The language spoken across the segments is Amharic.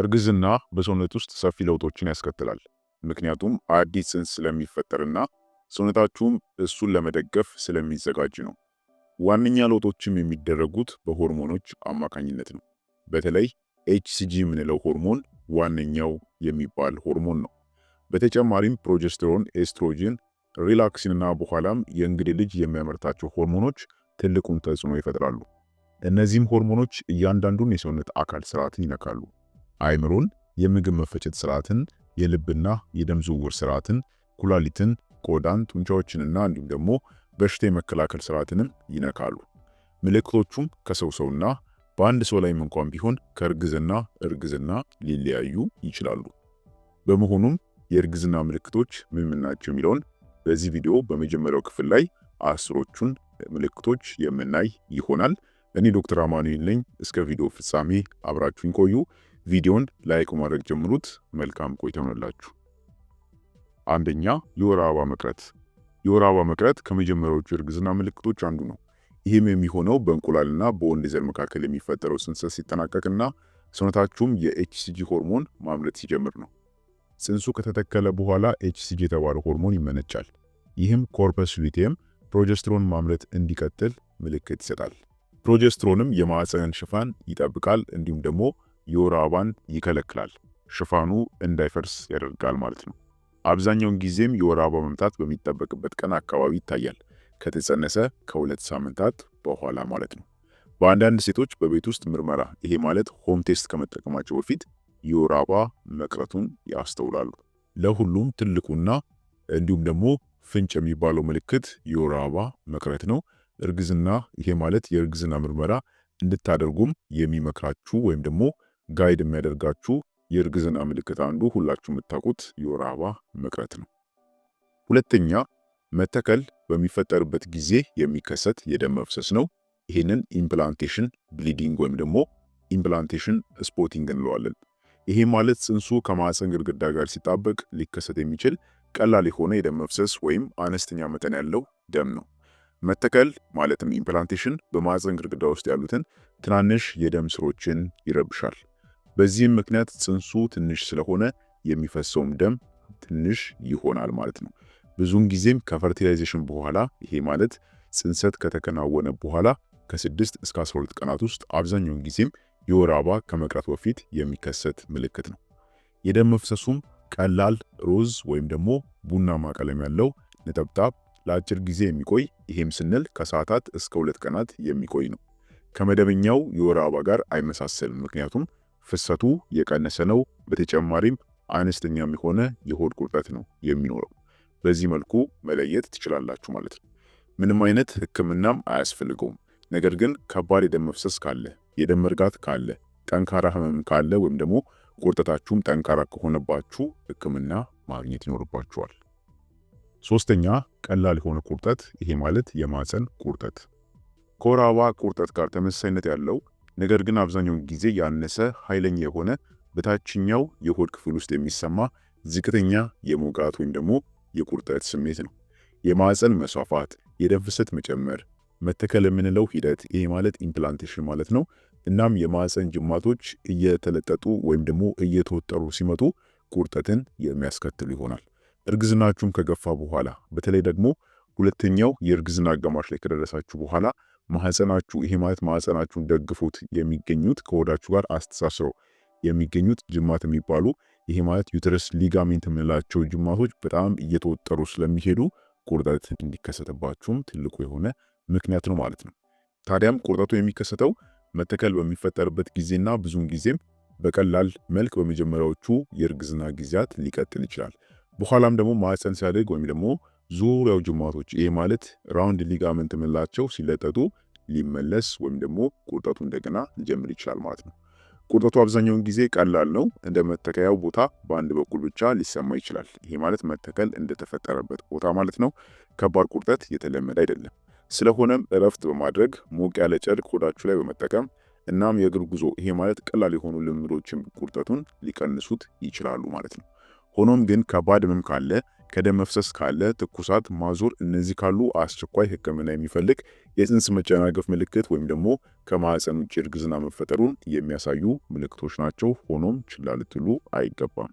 እርግዝና በሰውነት ውስጥ ሰፊ ለውጦችን ያስከትላል። ምክንያቱም አዲስ ጽንስ ስለሚፈጠርና ሰውነታችሁም እሱን ለመደገፍ ስለሚዘጋጅ ነው። ዋነኛ ለውጦችም የሚደረጉት በሆርሞኖች አማካኝነት ነው። በተለይ ኤችሲጂ የምንለው ሆርሞን ዋነኛው የሚባል ሆርሞን ነው። በተጨማሪም ፕሮጀስትሮን፣ ኤስትሮጅን፣ ሪላክሲንና በኋላም የእንግዴ ልጅ የሚያመርታቸው ሆርሞኖች ትልቁን ተጽዕኖ ይፈጥራሉ። እነዚህም ሆርሞኖች እያንዳንዱን የሰውነት አካል ስርዓትን ይነካሉ። አይምሮን፣ የምግብ መፈጨት ስርዓትን፣ የልብና የደም ዝውውር ስርዓትን፣ ኩላሊትን፣ ቆዳን፣ ጡንቻዎችንና እንዲሁም ደግሞ በሽታ የመከላከል ስርዓትንም ይነካሉ። ምልክቶቹም ከሰው ሰውና በአንድ ሰው ላይም እንኳን ቢሆን ከእርግዝና እርግዝና ሊለያዩ ይችላሉ። በመሆኑም የእርግዝና ምልክቶች ምን ምን ናቸው የሚለውን በዚህ ቪዲዮ በመጀመሪያው ክፍል ላይ አስሮቹን ምልክቶች የምናይ ይሆናል። እኔ ዶክተር አማኑኤል ነኝ። እስከ ቪዲዮ ፍጻሜ አብራችሁኝ ቆዩ። ቪዲዮን ላይክ ማድረግ ጀምሩት። መልካም ቆይታ ይሆንላችሁ። አንደኛ የወር አበባ መቅረት። የወር አበባ መቅረት ከመጀመሪያዎቹ እርግዝና ምልክቶች አንዱ ነው። ይህም የሚሆነው በእንቁላልና በወንድ ዘር መካከል የሚፈጠረው ጽንሰት ሲጠናቀቅና ሰውነታችሁም የኤችሲጂ ሆርሞን ማምረት ሲጀምር ነው። ጽንሱ ከተተከለ በኋላ ኤችሲጂ የተባለ ሆርሞን ይመነጫል። ይህም ኮርፐስ ሉቴም ፕሮጀስትሮን ማምረት እንዲቀጥል ምልክት ይሰጣል። ፕሮጀስትሮንም የማዕፀንን ሽፋን ይጠብቃል እንዲሁም ደግሞ የወር አበባን ይከለክላል፣ ሽፋኑ እንዳይፈርስ ያደርጋል ማለት ነው። አብዛኛውን ጊዜም የወር አበባ መምጣት በሚጠበቅበት ቀን አካባቢ ይታያል፣ ከተጸነሰ ከሁለት ሳምንታት በኋላ ማለት ነው። በአንዳንድ ሴቶች በቤት ውስጥ ምርመራ ይሄ ማለት ሆም ቴስት ከመጠቀማቸው በፊት የወር አበባ መቅረቱን ያስተውላሉ። ለሁሉም ትልቁና እንዲሁም ደግሞ ፍንጭ የሚባለው ምልክት የወር አበባ መቅረት ነው። እርግዝና ይሄ ማለት የእርግዝና ምርመራ እንድታደርጉም የሚመክራችሁ ወይም ደግሞ ጋይድ የሚያደርጋችሁ የእርግዝና ምልክት አንዱ ሁላችሁ የምታውቁት የወር አበባ መቅረት ነው። ሁለተኛ መተከል በሚፈጠርበት ጊዜ የሚከሰት የደም መፍሰስ ነው። ይህንን ኢምፕላንቴሽን ብሊዲንግ ወይም ደግሞ ኢምፕላንቴሽን ስፖቲንግ እንለዋለን። ይሄ ማለት ጽንሱ ከማዕፀን ግድግዳ ጋር ሲጣበቅ ሊከሰት የሚችል ቀላል የሆነ የደም መፍሰስ ወይም አነስተኛ መጠን ያለው ደም ነው። መተከል ማለትም ኢምፕላንቴሽን በማዕፀን ግድግዳ ውስጥ ያሉትን ትናንሽ የደም ስሮችን ይረብሻል። በዚህም ምክንያት ጽንሱ ትንሽ ስለሆነ የሚፈሰውም ደም ትንሽ ይሆናል ማለት ነው። ብዙውን ጊዜም ከፈርቲላይዜሽን በኋላ ይሄ ማለት ጽንሰት ከተከናወነ በኋላ ከስድስት እስከ 12 ቀናት ውስጥ አብዛኛውን ጊዜም የወር አበባ ከመቅረት በፊት የሚከሰት ምልክት ነው። የደም መፍሰሱም ቀላል ሮዝ ወይም ደግሞ ቡናማ ቀለም ያለው ነጠብጣብ ለአጭር ጊዜ የሚቆይ ይሄም ስንል ከሰዓታት እስከ ሁለት ቀናት የሚቆይ ነው። ከመደበኛው የወር አበባ ጋር አይመሳሰልም። ምክንያቱም ፍሰቱ የቀነሰ ነው። በተጨማሪም አነስተኛም የሆነ የሆድ ቁርጠት ነው የሚኖረው። በዚህ መልኩ መለየት ትችላላችሁ ማለት ነው። ምንም አይነት ህክምናም አያስፈልገውም። ነገር ግን ከባድ የደም መፍሰስ ካለ፣ የደም መርጋት ካለ፣ ጠንካራ ህመም ካለ ወይም ደግሞ ቁርጠታችሁም ጠንካራ ከሆነባችሁ ህክምና ማግኘት ይኖርባችኋል። ሶስተኛ ቀላል የሆነ ቁርጠት፣ ይሄ ማለት የማፀን ቁርጠት ከወር አበባ ቁርጠት ጋር ተመሳሳይነት ያለው ነገር ግን አብዛኛውን ጊዜ ያነሰ ኃይለኛ የሆነ በታችኛው የሆድ ክፍል ውስጥ የሚሰማ ዝቅተኛ የሞቃት ወይም ደግሞ የቁርጠት ስሜት ነው። የማዕፀን መስፋፋት፣ የደም ፍሰት መጨመር፣ መተከል የምንለው ሂደት ይሄ ማለት ኢምፕላንቴሽን ማለት ነው። እናም የማዕፀን ጅማቶች እየተለጠጡ ወይም ደግሞ እየተወጠሩ ሲመጡ ቁርጠትን የሚያስከትሉ ይሆናል። እርግዝናችሁም ከገፋ በኋላ በተለይ ደግሞ ሁለተኛው የእርግዝና አጋማሽ ላይ ከደረሳችሁ በኋላ ማህፀናችሁ ይሄ ማለት ማህፀናችሁን ደግፉት የሚገኙት ከወዳችሁ ጋር አስተሳስረው የሚገኙት ጅማት የሚባሉ ይሄ ማለት ዩትረስ ሊጋሜንት የምንላቸው ጅማቶች በጣም እየተወጠሩ ስለሚሄዱ ቁርጠት እንዲከሰትባችሁም ትልቁ የሆነ ምክንያት ነው ማለት ነው። ታዲያም ቁርጠቱ የሚከሰተው መተከል በሚፈጠርበት ጊዜና ብዙውን ጊዜም በቀላል መልክ በመጀመሪያዎቹ የእርግዝና ጊዜያት ሊቀጥል ይችላል። በኋላም ደግሞ ማህፀን ሲያደግ ወይም ደግሞ ዙሪያው ጅማቶች ይሄ ማለት ራውንድ ሊጋመንት የምንላቸው ሲለጠጡ ሊመለስ ወይም ደግሞ ቁርጠቱ እንደገና ሊጀምር ይችላል ማለት ነው። ቁርጠቱ አብዛኛውን ጊዜ ቀላል ነው። እንደ መተከያው ቦታ በአንድ በኩል ብቻ ሊሰማ ይችላል። ይሄ ማለት መተከል እንደተፈጠረበት ቦታ ማለት ነው። ከባድ ቁርጠት የተለመደ አይደለም። ስለሆነም እረፍት በማድረግ ሞቅ ያለ ጨርቅ ሆዳችሁ ላይ በመጠቀም እናም የእግር ጉዞ ይሄ ማለት ቀላል የሆኑ ልምዶችም ቁርጠቱን ሊቀንሱት ይችላሉ ማለት ነው። ሆኖም ግን ከባድ ህመም ካለ ከደም መፍሰስ ካለ፣ ትኩሳት፣ ማዞር፣ እነዚህ ካሉ አስቸኳይ ህክምና የሚፈልግ የጽንስ መጨናገፍ ምልክት ወይም ደግሞ ከማህፀን ውጭ እርግዝና መፈጠሩን የሚያሳዩ ምልክቶች ናቸው። ሆኖም ችላ ልትሉ አይገባም።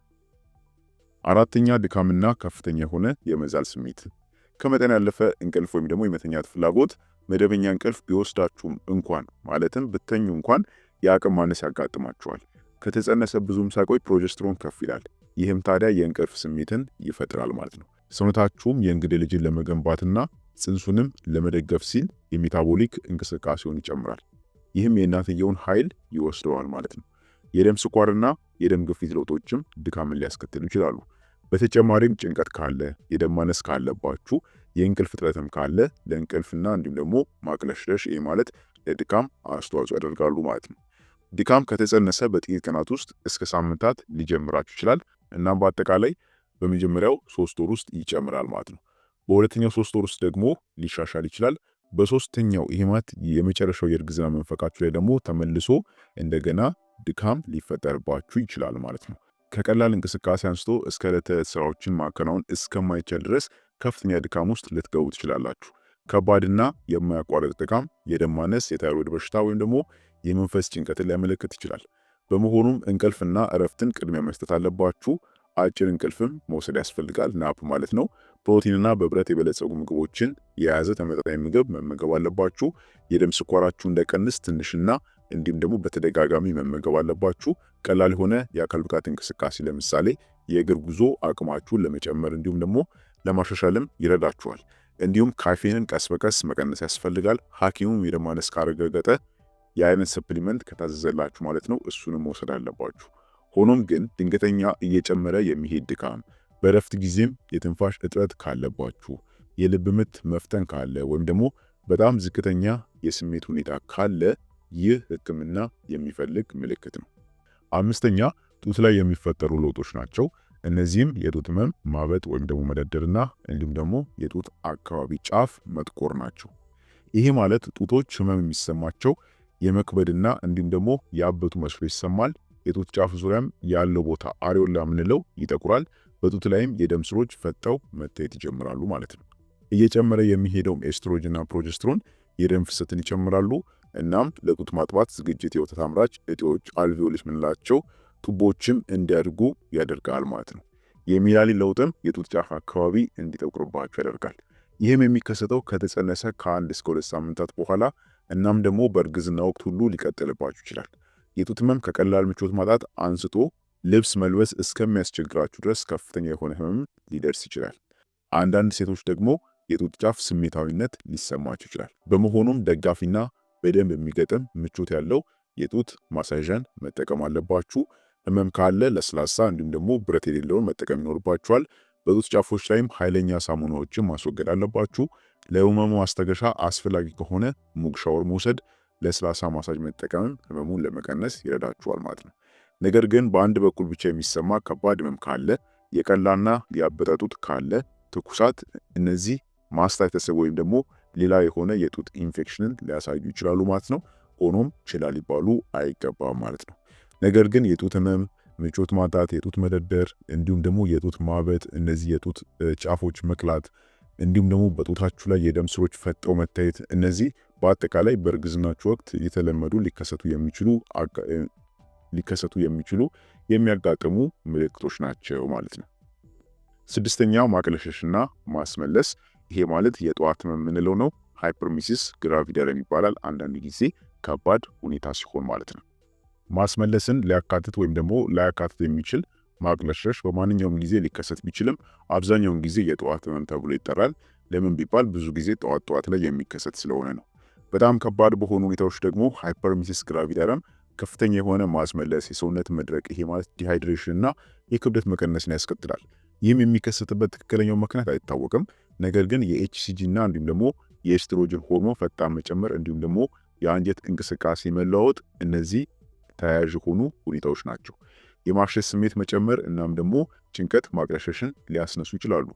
አራተኛ ድካምና ከፍተኛ የሆነ የመዛል ስሜት። ከመጠን ያለፈ እንቅልፍ ወይም ደግሞ የመተኛት ፍላጎት መደበኛ እንቅልፍ ቢወስዳችሁም እንኳን ማለትም ብተኙ እንኳን የአቅም ማነስ ያጋጥማችኋል። ከተጸነሰ ብዙም ሳይቆይ ፕሮጀስትሮን ከፍ ይላል። ይህም ታዲያ የእንቅልፍ ስሜትን ይፈጥራል ማለት ነው። ሰውነታችሁም የእንግዴ ልጅን ለመገንባትና ጽንሱንም ለመደገፍ ሲል የሜታቦሊክ እንቅስቃሴውን ይጨምራል። ይህም የእናትየውን ኃይል ይወስደዋል ማለት ነው። የደም ስኳርና የደም ግፊት ለውጦችም ድካምን ሊያስከትሉ ይችላሉ። በተጨማሪም ጭንቀት ካለ፣ የደም ማነስ ካለባችሁ፣ የእንቅልፍ እጥረትም ካለ ለእንቅልፍና እንዲሁም ደግሞ ማቅለሽለሽ ይህ ማለት ለድካም አስተዋጽኦ ያደርጋሉ ማለት ነው። ድካም ከተጸነሰ በጥቂት ቀናት ውስጥ እስከ ሳምንታት ሊጀምራችሁ ይችላል። እናም በአጠቃላይ በመጀመሪያው ሶስት ወር ውስጥ ይጨምራል ማለት ነው። በሁለተኛው ሶስት ወር ውስጥ ደግሞ ሊሻሻል ይችላል። በሶስተኛው ይሄ ማለት የመጨረሻው የእርግዝና መንፈቃችሁ ላይ ደግሞ ተመልሶ እንደገና ድካም ሊፈጠርባችሁ ይችላል ማለት ነው። ከቀላል እንቅስቃሴ አንስቶ እስከ ዕለት ተዕለት ስራዎችን ማከናወን እስከማይቻል ድረስ ከፍተኛ ድካም ውስጥ ልትገቡ ትችላላችሁ። ከባድና የማያቋርጥ ድካም የደም ማነስ፣ የታይሮይድ በሽታ ወይም ደግሞ የመንፈስ ጭንቀትን ሊያመለክት ይችላል። በመሆኑም እንቅልፍና እረፍትን ቅድሚያ መስጠት አለባችሁ። አጭር እንቅልፍም መውሰድ ያስፈልጋል፣ ናፕ ማለት ነው። ፕሮቲንና በብረት የበለጸጉ ምግቦችን የያዘ ተመጣጣኝ ምግብ መመገብ አለባችሁ። የደም ስኳራችሁ እንዳይቀንስ ትንሽና እንዲሁም ደግሞ በተደጋጋሚ መመገብ አለባችሁ። ቀላል የሆነ የአካል ብቃት እንቅስቃሴ ለምሳሌ የእግር ጉዞ አቅማችሁን ለመጨመር እንዲሁም ደግሞ ለማሻሻልም ይረዳችኋል። እንዲሁም ካፌንን ቀስ በቀስ መቀነስ ያስፈልጋል። ሐኪሙም የደም ማነስ ካረጋገጠ የአይረን ሰፕሊመንት ከታዘዘላችሁ ማለት ነው እሱንም መውሰድ አለባችሁ። ሆኖም ግን ድንገተኛ እየጨመረ የሚሄድ ድካም፣ በእረፍት ጊዜም የትንፋሽ እጥረት ካለባችሁ፣ የልብ ምት መፍጠን ካለ ወይም ደግሞ በጣም ዝቅተኛ የስሜት ሁኔታ ካለ ይህ ህክምና የሚፈልግ ምልክት ነው። አምስተኛ ጡት ላይ የሚፈጠሩ ለውጦች ናቸው። እነዚህም የጡት ህመም፣ ማበጥ ወይም ደግሞ መደደርና እንዲሁም ደግሞ የጡት አካባቢ ጫፍ መጥቆር ናቸው። ይሄ ማለት ጡቶች ህመም የሚሰማቸው የመክበድና እንዲሁም ደግሞ የአበቱ መስሎ ይሰማል። የጡት ጫፍ ዙሪያም ያለው ቦታ አሪዮላ የምንለው ይጠቁራል። በጡት ላይም የደም ስሮች ፈጠው መታየት ይጀምራሉ ማለት ነው። እየጨመረ የሚሄደውም ኤስትሮጅንና ፕሮጀስትሮን የደም ፍሰትን ይጨምራሉ። እናም ለጡት ማጥባት ዝግጅት የወተት አምራች እጢዎች አልቪዮልስ የምንላቸው ቱቦችም እንዲያድጉ ያደርጋል ማለት ነው። የሚላሊ ለውጥም የጡት ጫፍ አካባቢ እንዲጠቁርባቸው ያደርጋል። ይህም የሚከሰተው ከተጸነሰ ከአንድ እስከ ሁለት ሳምንታት በኋላ እናም ደግሞ በእርግዝና ወቅት ሁሉ ሊቀጥልባችሁ ይችላል። የጡት ህመም ከቀላል ምቾት ማጣት አንስቶ ልብስ መልበስ እስከሚያስቸግራችሁ ድረስ ከፍተኛ የሆነ ህመም ሊደርስ ይችላል። አንዳንድ ሴቶች ደግሞ የጡት ጫፍ ስሜታዊነት ሊሰማቸው ይችላል። በመሆኑም ደጋፊና በደንብ የሚገጥም ምቾት ያለው የጡት ማሳዣን መጠቀም አለባችሁ። ህመም ካለ ለስላሳ እንዲሁም ደግሞ ብረት የሌለውን መጠቀም ይኖርባችኋል። በጡት ጫፎች ላይም ኃይለኛ ሳሙናዎችን ማስወገድ አለባችሁ። ለህመሙ ማስታገሻ አስፈላጊ ከሆነ ሙቅ ሻወር መውሰድ፣ ለስላሳ ማሳጅ መጠቀምም ህመሙን ለመቀነስ ይረዳችኋል ማለት ነው። ነገር ግን በአንድ በኩል ብቻ የሚሰማ ከባድ ህመም ካለ፣ የቀላና ያበጠ ጡት ካለ፣ ትኩሳት፣ እነዚህ ማስታይተስ ወይም ደግሞ ሌላ የሆነ የጡት ኢንፌክሽንን ሊያሳዩ ይችላሉ ማለት ነው። ሆኖም ችላ ሊባሉ አይገባም ማለት ነው። ነገር ግን የጡት ህመም፣ ምቾት ማጣት፣ የጡት መደደር እንዲሁም ደግሞ የጡት ማበጥ፣ እነዚህ የጡት ጫፎች መቅላት እንዲሁም ደግሞ በጡታችሁ ላይ የደም ስሮች ፈጠው መታየት፣ እነዚህ በአጠቃላይ በእርግዝናችሁ ወቅት የተለመዱ ሊከሰቱ የሚችሉ ሊከሰቱ የሚችሉ የሚያጋጥሙ ምልክቶች ናቸው ማለት ነው። ስድስተኛው ማቅለሸሽና ማስመለስ፣ ይሄ ማለት የጠዋት የምንለው ነው። ሃይፐርሚሲስ ግራቪደር ይባላል። አንዳንድ ጊዜ ከባድ ሁኔታ ሲሆን ማለት ነው። ማስመለስን ሊያካትት ወይም ደግሞ ላያካትት የሚችል ማቅለሽለሽ በማንኛውም ጊዜ ሊከሰት ቢችልም አብዛኛውን ጊዜ የጠዋት ህመም ተብሎ ይጠራል። ለምን ቢባል ብዙ ጊዜ ጠዋት ጠዋት ላይ የሚከሰት ስለሆነ ነው። በጣም ከባድ በሆኑ ሁኔታዎች ደግሞ ሃይፐርሚሲስ ግራቪዳረም ከፍተኛ የሆነ ማስመለስ፣ የሰውነት መድረቅ፣ ይሄ ማለት ዲሃይድሬሽን እና የክብደት መቀነስን ያስከትላል። ይህም የሚከሰትበት ትክክለኛው ምክንያት አይታወቅም። ነገር ግን የኤችሲጂ እና እንዲሁም ደግሞ የኤስትሮጅን ሆርሞን ፈጣን መጨመር እንዲሁም ደግሞ የአንጀት እንቅስቃሴ መለዋወጥ፣ እነዚህ ተያያዥ የሆኑ ሁኔታዎች ናቸው። የማፍሸት ስሜት መጨመር እናም ደግሞ ጭንቀት ማቅለሸሽን ሊያስነሱ ይችላሉ።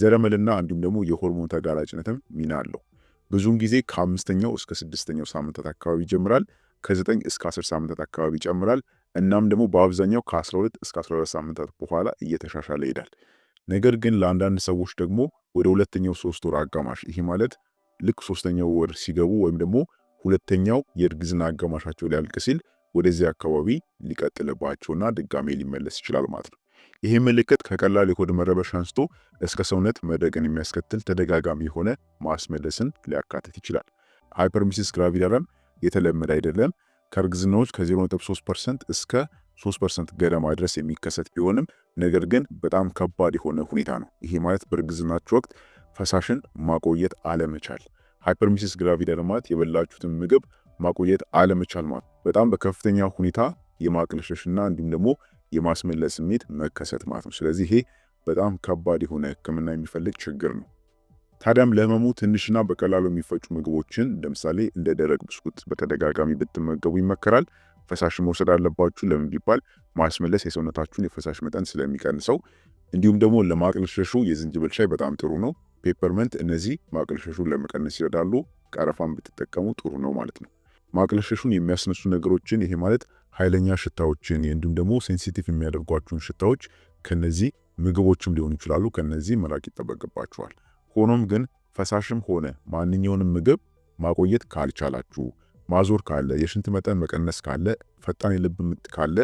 ዘረመልና እንዲሁም ደግሞ የሆርሞን ተጋላጭነትም ሚና አለው። ብዙውን ጊዜ ከአምስተኛው እስከ ስድስተኛው ሳምንታት አካባቢ ይጀምራል። ከዘጠኝ እስከ አስር ሳምንታት አካባቢ ይጨምራል። እናም ደግሞ በአብዛኛው ከ12 እስከ 14 ሳምንታት በኋላ እየተሻሻለ ይሄዳል። ነገር ግን ለአንዳንድ ሰዎች ደግሞ ወደ ሁለተኛው ሶስት ወር አጋማሽ ይሄ ማለት ልክ ሶስተኛው ወር ሲገቡ ወይም ደግሞ ሁለተኛው የእርግዝና አጋማሻቸው ሊያልቅ ሲል ወደዚህ አካባቢ ሊቀጥልባቸውና ድጋሜ ሊመለስ ይችላል ማለት ነው። ይህ ምልክት ከቀላል የሆድ መረበሽ አንስቶ እስከ ሰውነት መድረቅን የሚያስከትል ተደጋጋሚ የሆነ ማስመለስን ሊያካትት ይችላል። ሃይፐርሚሲስ ግራቪዳረም የተለመደ አይደለም። ከእርግዝናዎች ከ0.3 ፐርሰንት እስከ 3 ፐርሰንት ገደማ ድረስ የሚከሰት ቢሆንም ነገር ግን በጣም ከባድ የሆነ ሁኔታ ነው። ይሄ ማለት በእርግዝናችሁ ወቅት ፈሳሽን ማቆየት አለመቻል። ሃይፐርሚሲስ ግራቪዳረም ማለት የበላችሁትን ምግብ ማቆየት አለመቻል ማለት በጣም በከፍተኛ ሁኔታ የማቅለሸሽና እንዲሁም ደግሞ የማስመለስ ስሜት መከሰት ማለት ነው። ስለዚህ ይሄ በጣም ከባድ የሆነ ህክምና የሚፈልግ ችግር ነው። ታዲያም ለህመሙ ትንሽና በቀላሉ የሚፈጩ ምግቦችን ለምሳሌ እንደ ደረቅ ብስኩት በተደጋጋሚ ብትመገቡ ይመከራል። ፈሳሽ መውሰድ አለባችሁ። ለምን ቢባል ማስመለስ የሰውነታችሁን የፈሳሽ መጠን ስለሚቀንሰው፣ እንዲሁም ደግሞ ለማቅለሸሹ የዝንጅብል ሻይ በጣም ጥሩ ነው። ፔፐርመንት፣ እነዚህ ማቅለሸሹን ለመቀነስ ይረዳሉ። ቀረፋን ብትጠቀሙ ጥሩ ነው ማለት ነው። ማቅለሸሹን የሚያስነሱ ነገሮችን ይሄ ማለት ኃይለኛ ሽታዎችን እንዲሁም ደግሞ ሴንሲቲቭ የሚያደርጓችሁን ሽታዎች ከነዚህ ምግቦችም ሊሆኑ ይችላሉ፣ ከነዚህ መራቅ ይጠበቅባችኋል። ሆኖም ግን ፈሳሽም ሆነ ማንኛውንም ምግብ ማቆየት ካልቻላችሁ፣ ማዞር ካለ፣ የሽንት መጠን መቀነስ ካለ፣ ፈጣን የልብ ምት ካለ፣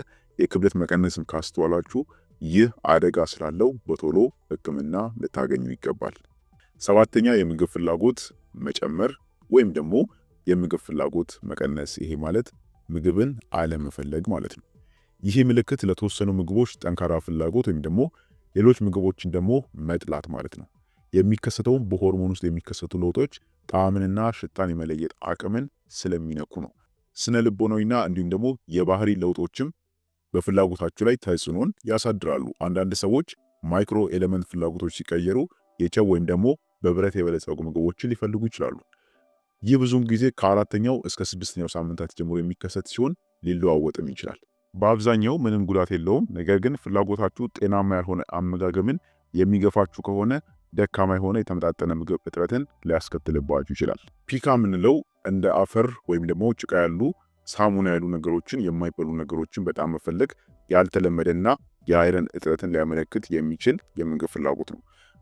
የክብደት መቀነስን ካስተዋላችሁ ይህ አደጋ ስላለው በቶሎ ሕክምና ልታገኙ ይገባል። ሰባተኛ የምግብ ፍላጎት መጨመር ወይም ደግሞ የምግብ ፍላጎት መቀነስ፣ ይሄ ማለት ምግብን አለመፈለግ ማለት ነው። ይሄ ምልክት ለተወሰኑ ምግቦች ጠንካራ ፍላጎት ወይም ደግሞ ሌሎች ምግቦችን ደግሞ መጥላት ማለት ነው። የሚከሰተውም በሆርሞን ውስጥ የሚከሰቱ ለውጦች ጣዕምንና ሽታን የመለየት አቅምን ስለሚነኩ ነው። ስነ ልቦናዊና እንዲሁም ደግሞ የባህሪ ለውጦችም በፍላጎታችሁ ላይ ተጽዕኖን ያሳድራሉ። አንዳንድ ሰዎች ማይክሮ ኤሌመንት ፍላጎቶች ሲቀየሩ የቸው ወይም ደግሞ በብረት የበለጸጉ ምግቦችን ሊፈልጉ ይችላሉ። ይህ ብዙውን ጊዜ ከአራተኛው እስከ ስድስተኛው ሳምንታት ጀምሮ የሚከሰት ሲሆን ሊለዋወጥም ይችላል። በአብዛኛው ምንም ጉዳት የለውም። ነገር ግን ፍላጎታችሁ ጤናማ ያልሆነ አመጋገብን የሚገፋችሁ ከሆነ ደካማ የሆነ የተመጣጠነ ምግብ እጥረትን ሊያስከትልባችሁ ይችላል። ፒካ የምንለው እንደ አፈር ወይም ደግሞ ጭቃ ያሉ ሳሙና ያሉ ነገሮችን፣ የማይበሉ ነገሮችን በጣም መፈለግ ያልተለመደና የአይረን እጥረትን ሊያመለክት የሚችል የምግብ ፍላጎት ነው።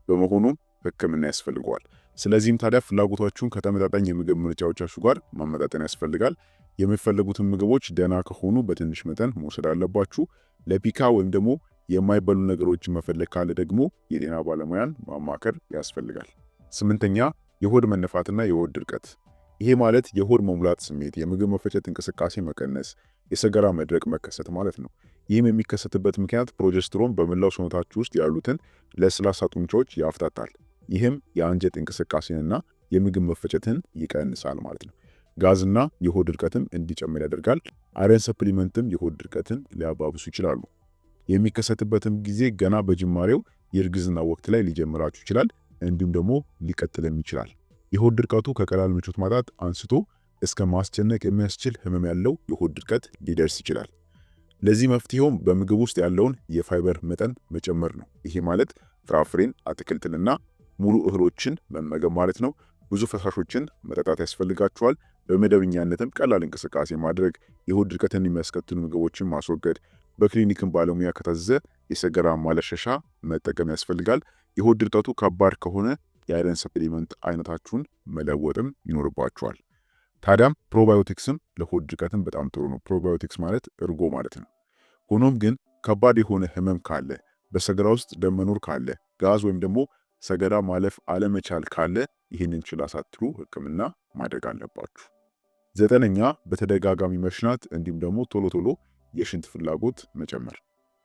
በመሆኑም ሕክምና ያስፈልገዋል። ስለዚህም ታዲያ ፍላጎታችሁን ከተመጣጣኝ የምግብ ምርጫዎቻችሁ ጋር ማመጣጠን ያስፈልጋል። የሚፈለጉትን ምግቦች ደህና ከሆኑ በትንሽ መጠን መውሰድ አለባችሁ። ለፒካ ወይም ደግሞ የማይበሉ ነገሮችን መፈለግ ካለ ደግሞ የጤና ባለሙያን ማማከር ያስፈልጋል። ስምንተኛ የሆድ መነፋትና የሆድ ድርቀት። ይሄ ማለት የሆድ መሙላት ስሜት፣ የምግብ መፈጨት እንቅስቃሴ መቀነስ፣ የሰገራ መድረቅ መከሰት ማለት ነው። ይህም የሚከሰትበት ምክንያት ፕሮጀስትሮን በመላው ሰውነታችሁ ውስጥ ያሉትን ለስላሳ ጡንቻዎች ያፍታታል። ይህም የአንጀት እንቅስቃሴንና የምግብ መፈጨትን ይቀንሳል ማለት ነው። ጋዝና የሆድ ድርቀትም እንዲጨምር ያደርጋል። አይረን ሰፕሊመንትም የሆድ ድርቀትን ሊያባብሱ ይችላሉ። የሚከሰትበትም ጊዜ ገና በጅማሬው የእርግዝና ወቅት ላይ ሊጀምራችሁ ይችላል፣ እንዲሁም ደግሞ ሊቀጥልም ይችላል። የሆድ ድርቀቱ ከቀላል ምቾት ማጣት አንስቶ እስከ ማስጨነቅ የሚያስችል ህመም ያለው የሆድ ድርቀት ሊደርስ ይችላል። ለዚህ መፍትሄውም በምግብ ውስጥ ያለውን የፋይበር መጠን መጨመር ነው። ይሄ ማለት ፍራፍሬን፣ አትክልትንና ሙሉ እህሎችን መመገብ ማለት ነው። ብዙ ፈሳሾችን መጠጣት ያስፈልጋቸዋል። በመደበኛነትም ቀላል እንቅስቃሴ ማድረግ፣ የሆድ ድርቀትን የሚያስከትሉ ምግቦችን ማስወገድ፣ በክሊኒክም ባለሙያ ከታዘዘ የሰገራ ማለሸሻ መጠቀም ያስፈልጋል። የሆድ ድርቀቱ ከባድ ከሆነ የአይረን ሰፕሊመንት አይነታችሁን መለወጥም ይኖርባችኋል። ታዲያም ፕሮባዮቲክስም ለሆድ ድርቀትም በጣም ጥሩ ነው። ፕሮባዮቲክስ ማለት እርጎ ማለት ነው። ሆኖም ግን ከባድ የሆነ ህመም ካለ፣ በሰገራ ውስጥ ደም መኖር ካለ፣ ጋዝ ወይም ደግሞ ሰገዳ ማለፍ አለመቻል ካለ ይህንን ችላ ሳትሉ ህክምና ማድረግ አለባችሁ። ዘጠነኛ በተደጋጋሚ መሽናት እንዲሁም ደግሞ ቶሎ ቶሎ የሽንት ፍላጎት መጨመር።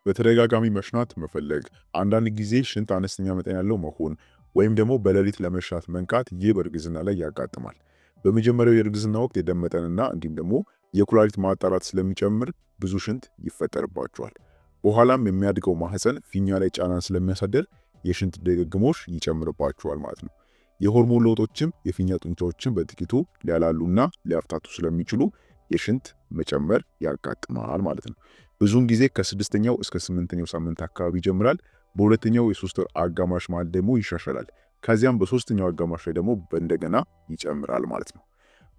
በተደጋጋሚ መሽናት መፈለግ፣ አንዳንድ ጊዜ ሽንት አነስተኛ መጠን ያለው መሆን ወይም ደግሞ በሌሊት ለመሽናት መንቃት፣ ይህ በእርግዝና ላይ ያጋጥማል። በመጀመሪያው የእርግዝና ወቅት የደም መጠንና እንዲሁም ደግሞ የኩላሊት ማጣራት ስለሚጨምር ብዙ ሽንት ይፈጠርባቸዋል። በኋላም የሚያድገው ማህፀን ፊኛ ላይ ጫናን ስለሚያሳድር የሽንት ድግግሞሽ ይጨምርባቸዋል ማለት ነው። የሆርሞን ለውጦችም የፊኛ ጡንቻዎችን በጥቂቱ ሊያላሉና ሊያፍታቱ ስለሚችሉ የሽንት መጨመር ያጋጥማል ማለት ነው። ብዙውን ጊዜ ከስድስተኛው እስከ ስምንተኛው ሳምንት አካባቢ ይጀምራል። በሁለተኛው የሶስት ወር አጋማሽ ማለት ደግሞ ይሻሻላል። ከዚያም በሶስተኛው አጋማሽ ላይ ደግሞ እንደገና ይጨምራል ማለት ነው።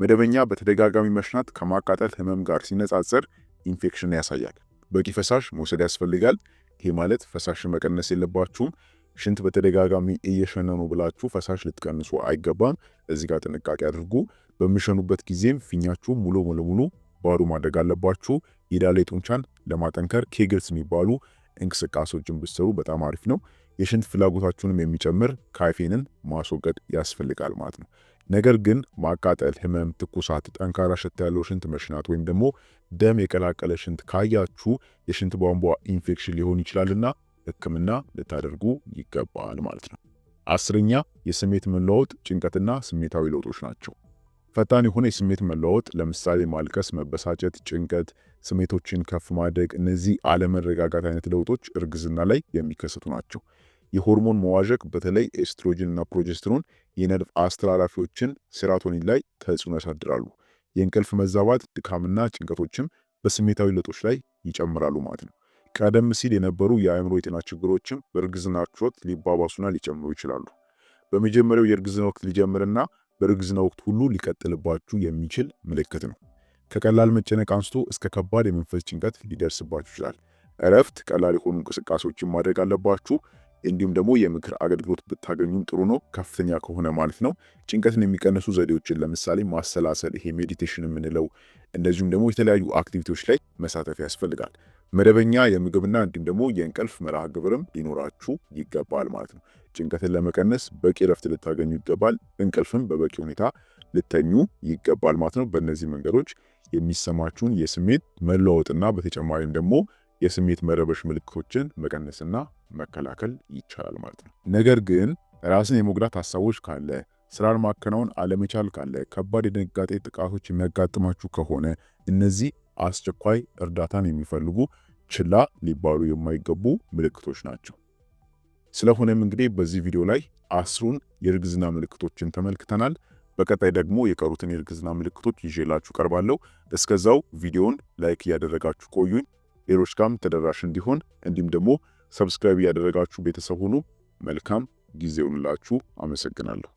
መደበኛ በተደጋጋሚ መሽናት ከማቃጠል ህመም ጋር ሲነጻጸር ኢንፌክሽን ያሳያል። በቂ ፈሳሽ መውሰድ ያስፈልጋል። ይህ ማለት ፈሳሽን መቀነስ የለባችሁም። ሽንት በተደጋጋሚ እየሸነኑ ብላችሁ ፈሳሽ ልትቀንሱ አይገባም። እዚህ ጋር ጥንቃቄ አድርጉ። በሚሸኑበት ጊዜም ፊኛችሁ ሙሉ ለሙሉ ባዶ ማድረግ አለባችሁ። የዳሌ ጡንቻን ለማጠንከር ኬግልስ የሚባሉ እንቅስቃሴዎችን ብትሰሩ በጣም አሪፍ ነው። የሽንት ፍላጎታችሁንም የሚጨምር ካፌንን ማስወገድ ያስፈልጋል ማለት ነው። ነገር ግን ማቃጠል፣ ህመም፣ ትኩሳት፣ ጠንካራ ሽታ ያለው ሽንት መሽናት ወይም ደግሞ ደም የቀላቀለ ሽንት ካያችሁ የሽንት ቧንቧ ኢንፌክሽን ሊሆን ይችላልና ህክምና ልታደርጉ ይገባል ማለት ነው። አስረኛ የስሜት መለዋወጥ ጭንቀትና ስሜታዊ ለውጦች ናቸው። ፈጣን የሆነ የስሜት መለዋወጥ ለምሳሌ ማልቀስ፣ መበሳጨት፣ ጭንቀት፣ ስሜቶችን ከፍ ማድረግ፣ እነዚህ አለመረጋጋት አይነት ለውጦች እርግዝና ላይ የሚከሰቱ ናቸው። የሆርሞን መዋዠቅ በተለይ ኤስትሮጅን እና ፕሮጀስትሮን የነርቭ አስተላላፊዎችን ሴራቶኒን ላይ ተጽዕኖ ያሳድራሉ። የእንቅልፍ መዛባት፣ ድካምና ጭንቀቶችም በስሜታዊ ለውጦች ላይ ይጨምራሉ ማለት ነው። ቀደም ሲል የነበሩ የአእምሮ የጤና ችግሮችም በእርግዝናችሁ ወቅት ሊባባሱና ሊጨምሩ ይችላሉ። በመጀመሪያው የእርግዝና ወቅት ሊጀምርና በእርግዝና ወቅት ሁሉ ሊቀጥልባችሁ የሚችል ምልክት ነው። ከቀላል መጨነቅ አንስቶ እስከ ከባድ የመንፈስ ጭንቀት ሊደርስባችሁ ይችላል። እረፍት፣ ቀላል የሆኑ እንቅስቃሴዎችን ማድረግ አለባችሁ። እንዲሁም ደግሞ የምክር አገልግሎት ብታገኙም ጥሩ ነው፣ ከፍተኛ ከሆነ ማለት ነው። ጭንቀትን የሚቀንሱ ዘዴዎችን ለምሳሌ ማሰላሰል፣ ይሄ ሜዲቴሽን የምንለው እንደዚሁም ደግሞ የተለያዩ አክቲቪቲዎች ላይ መሳተፍ ያስፈልጋል። መደበኛ የምግብና እንዲሁም ደግሞ የእንቅልፍ መርሃ ግብርም ሊኖራችሁ ይገባል ማለት ነው። ጭንቀትን ለመቀነስ በቂ ረፍት ልታገኙ ይገባል። እንቅልፍም በበቂ ሁኔታ ልተኙ ይገባል ማለት ነው። በእነዚህ መንገዶች የሚሰማችሁን የስሜት መለዋወጥና በተጨማሪም ደግሞ የስሜት መረበሽ ምልክቶችን መቀነስና መከላከል ይቻላል ማለት ነው። ነገር ግን ራስን የመጉዳት ሀሳቦች ካለ፣ ስራን ማከናወን አለመቻል ካለ፣ ከባድ የድንጋጤ ጥቃቶች የሚያጋጥማችሁ ከሆነ እነዚህ አስቸኳይ እርዳታን የሚፈልጉ ችላ ሊባሉ የማይገቡ ምልክቶች ናቸው። ስለሆነም እንግዲህ በዚህ ቪዲዮ ላይ አስሩን የእርግዝና ምልክቶችን ተመልክተናል። በቀጣይ ደግሞ የቀሩትን የእርግዝና ምልክቶች ይዤላችሁ ቀርባለሁ። እስከዛው ቪዲዮውን ላይክ እያደረጋችሁ ቆዩኝ፣ ሌሎች ጋም ተደራሽ እንዲሆን እንዲሁም ደግሞ ሰብስክራይብ እያደረጋችሁ ቤተሰብ ሁኑ። መልካም ጊዜ ይሁንላችሁ። አመሰግናለሁ።